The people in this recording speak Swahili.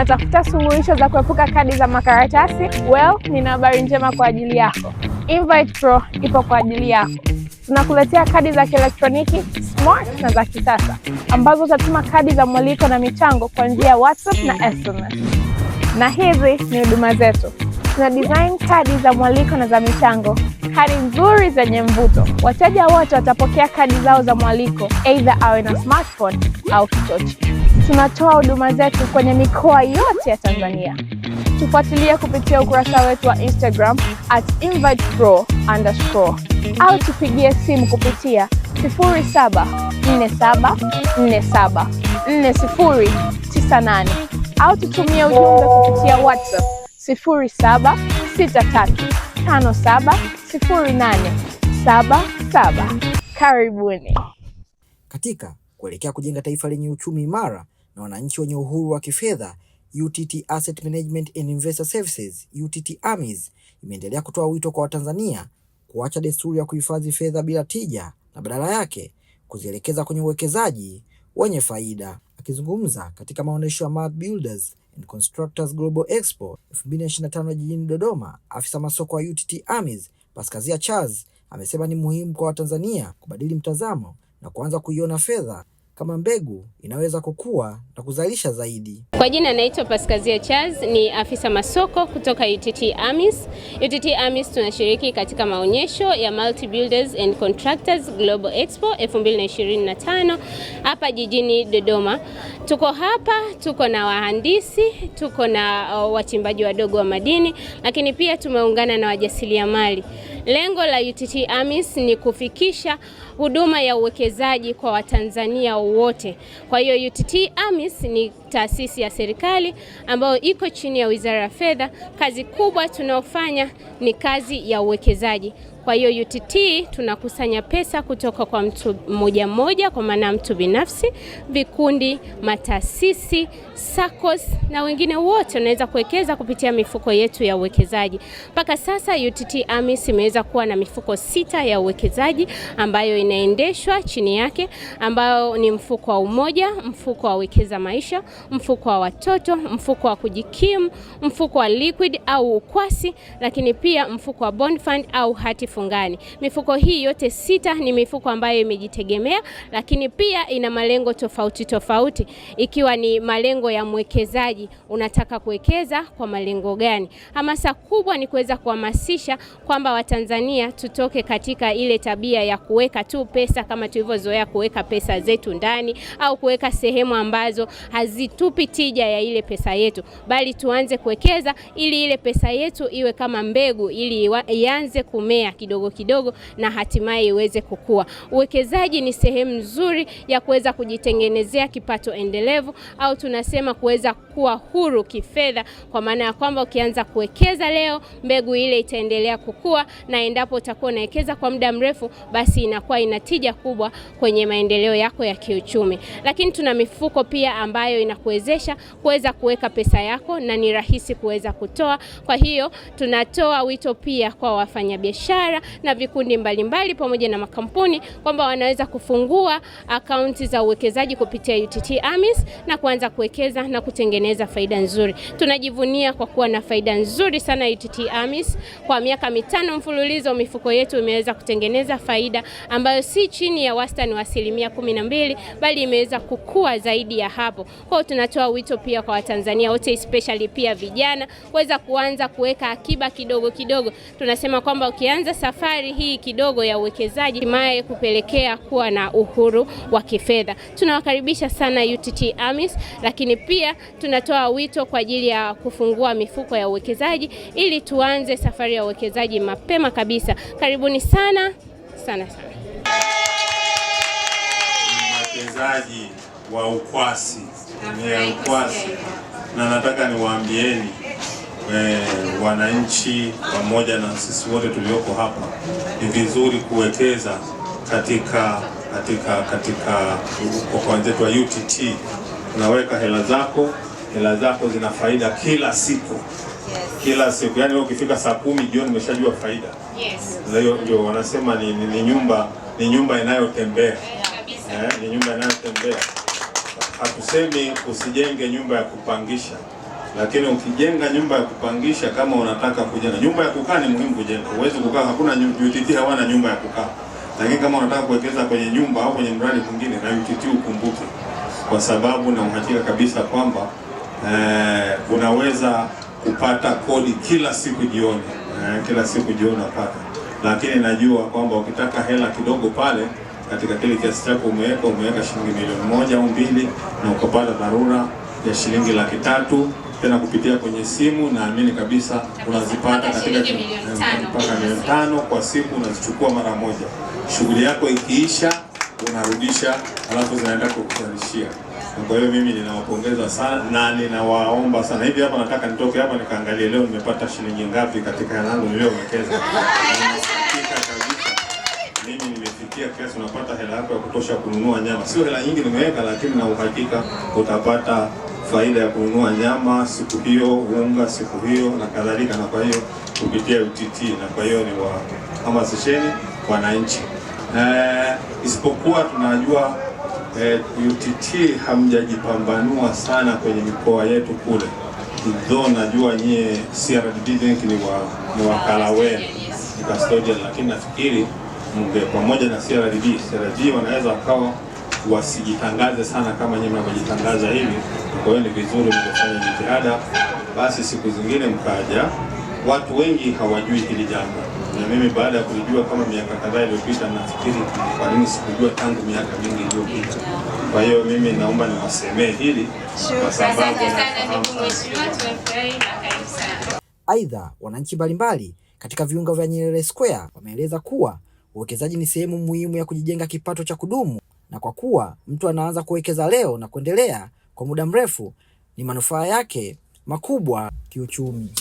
Unatafuta suluhisho za kuepuka kadi za makaratasi? Well, nina habari njema kwa ajili yako. Invite Pro ipo kwa ajili yako. Tunakuletea kadi za kielektroniki smart na za kisasa ambazo utatuma kadi za mwaliko na michango kwa njia ya WhatsApp na SMS. Na hizi ni huduma zetu. Tuna design kadi za mwaliko na za michango, kadi nzuri zenye mvuto. Wateja wote watapokea kadi zao za mwaliko, aidha awe na smartphone au kichochi tunatoa huduma zetu kwenye mikoa yote ya Tanzania. Tufuatilie kupitia ukurasa wetu wa Instagram at invitepro underscore au tupigie simu kupitia 0747474098 au tutumie ujumbe kupitia WhatsApp 0763570877. Karibuni katika kuelekea kujenga taifa lenye uchumi imara na wananchi wenye uhuru wa kifedha, UTT Asset Management and Investor Services UTT AMIS imeendelea kutoa wito kwa Watanzania kuacha desturi ya kuhifadhi fedha bila tija na badala yake kuzielekeza kwenye uwekezaji wenye faida. Akizungumza katika maonyesho ya Mart Builders and Constructors Global Expo 2025 jijini Dodoma, afisa masoko wa UTT AMIS Paskazia Charles amesema ni muhimu kwa Watanzania kubadili mtazamo na kuanza kuiona fedha kama mbegu inaweza kukua na kuzalisha zaidi. Kwa jina naitwa Paskazia Charles, ni afisa masoko kutoka UTT AMIS. UTT AMIS tunashiriki katika maonyesho ya Multi Builders and Contractors Global Expo 2025 hapa jijini Dodoma. Tuko hapa, tuko na wahandisi, tuko na uh, wachimbaji wadogo wa madini, lakini pia tumeungana na wajasiriamali Lengo la UTT AMIS ni kufikisha huduma ya uwekezaji kwa Watanzania wote. Kwa hiyo UTT AMIS ni taasisi ya serikali ambayo iko chini ya Wizara ya Fedha. Kazi kubwa tunayofanya ni kazi ya uwekezaji. Kwa hiyo UTT tunakusanya pesa kutoka kwa mtu mmoja mmoja, kwa maana mtu binafsi, vikundi, mataasisi, SACCOS na wengine wote wanaweza kuwekeza kupitia mifuko yetu ya uwekezaji. Mpaka sasa UTT AMIS imeweza kuwa na mifuko sita ya uwekezaji ambayo inaendeshwa chini yake, ambayo ni mfuko wa Umoja, mfuko wa Wekeza Maisha, mfuko wa watoto, mfuko wa kujikimu, mfuko wa liquid au ukwasi, lakini pia mfuko wa bond fund au hati fungani. Mifuko hii yote sita ni mifuko ambayo imejitegemea, lakini pia ina malengo tofauti tofauti, ikiwa ni malengo ya mwekezaji, unataka kuwekeza kwa malengo gani? Hamasa kubwa ni kuweza kuhamasisha kwamba Watanzania tutoke katika ile tabia ya kuweka tu pesa kama tulivyozoea kuweka pesa zetu ndani au kuweka sehemu ambazo hazi haitupi tija ya ile pesa yetu, bali tuanze kuwekeza ili ile pesa yetu iwe kama mbegu, ili ianze kumea kidogo kidogo na hatimaye iweze kukua. Uwekezaji ni sehemu nzuri ya kuweza kujitengenezea kipato endelevu au tunasema kuweza kuwa huru kifedha, kwa maana ya kwamba ukianza kuwekeza leo, mbegu ile itaendelea kukua, na endapo utakuwa unawekeza kwa muda mrefu, basi inakuwa ina tija kubwa kwenye maendeleo yako ya kiuchumi. Lakini tuna mifuko pia ambayo ina kuwezesha kuweza kuweka pesa yako na ni rahisi kuweza kutoa. Kwa hiyo tunatoa wito pia kwa wafanyabiashara na vikundi mbalimbali pamoja na makampuni kwamba wanaweza kufungua akaunti za uwekezaji kupitia UTT AMIS na kuanza kuwekeza na kutengeneza faida nzuri. Tunajivunia kwa kuwa na faida nzuri sana UTT AMIS. Kwa miaka mitano mfululizo mifuko yetu imeweza kutengeneza faida ambayo si chini ya wastani wa asilimia kumi na mbili bali imeweza kukua zaidi ya hapo. Kwa tunatoa wito pia kwa Watanzania wote especially pia vijana kuweza kuanza kuweka akiba kidogo kidogo. Tunasema kwamba ukianza safari hii kidogo ya uwekezaji, hatimaye kupelekea kuwa na uhuru wa kifedha. Tunawakaribisha sana UTT AMIS, lakini pia tunatoa wito kwa ajili ya kufungua mifuko ya uwekezaji ili tuanze safari ya uwekezaji mapema kabisa. Karibuni sana sana sana mwekezaji wa ukwasi, ya ukwasi, na nataka niwaambieni e, wananchi pamoja na sisi wote tulioko hapa, ni vizuri kuwekeza katika katika katika kwa kwanzetu wa UTT. Unaweka hela zako, hela zako zina faida kila siku kila siku yani, ukifika saa kumi jioni umeshajua faida. Leo ndio wanasema ni, ni, ni nyumba ni nyumba inayotembea eh, ni nyumba inayotembea hatusemi usijenge nyumba ya kupangisha, lakini ukijenga nyumba ya kupangisha, kama unataka kujenga nyumba ya kukaa, ni muhimu kujenga. Huwezi kukaa, hakuna UTT hawana nyumba ya kukaa, lakini kama unataka kuwekeza kwenye nyumba au kwenye mradi mwingine na UTT ukumbuke, kwa sababu na uhakika kabisa kwamba eh, unaweza kupata kodi kila siku jioni eh, kila siku jioni unapata, lakini najua kwamba ukitaka hela kidogo pale katika kile kiasi chako umeweka, umeweka shilingi milioni moja au mbili, na ukapata dharura ya shilingi laki tatu tena kupitia kwenye simu, naamini kabisa unazipata katika eh, mpaka milioni tano kwa siku, unazichukua mara moja. Shughuli yako ikiisha, unarudisha alafu zinaenda kukuzalishia. Kwa hiyo mimi ninawapongeza sana na ninawaomba sana hivi hapa, nataka nitoke hapa nikaangalie leo nimepata shilingi ngapi katika yangu niliyowekeza kiasi, unapata hela yako ya kutosha kununua nyama. Sio hela nyingi nimeweka, lakini na uhakika utapata faida ya kununua nyama siku hiyo, unga siku hiyo na kadhalika, na kwa hiyo kupitia UTT. Na kwa hiyo ni wahamasisheni wananchi eh, isipokuwa tunajua eh, UTT hamjajipambanua sana kwenye mikoa yetu kule dho, najua nyie CRDB ni wakala wenu ni custodian, lakini nafikiri Mbe pamoja na CRDB, CRDB wanaweza wakawa wasijitangaze sana kama nyinyi mnavyojitangaza hivi. Kwa hiyo ni vizuri mkafanya jitihada, basi siku zingine mkaja. Watu wengi hawajui hili jambo, na mimi baada ya kulijua kama miaka kadhaa iliyopita, nafikiri kwa nini sikujua tangu miaka mingi iliyopita. Kwa hiyo mimi naomba niwasemee hili kwa sababu. Aidha, wananchi mbalimbali katika viunga vya Nyerere Square wameeleza kuwa Uwekezaji ni sehemu muhimu ya kujijenga kipato cha kudumu, na kwa kuwa mtu anaanza kuwekeza leo na kuendelea kwa muda mrefu, ni manufaa yake makubwa kiuchumi.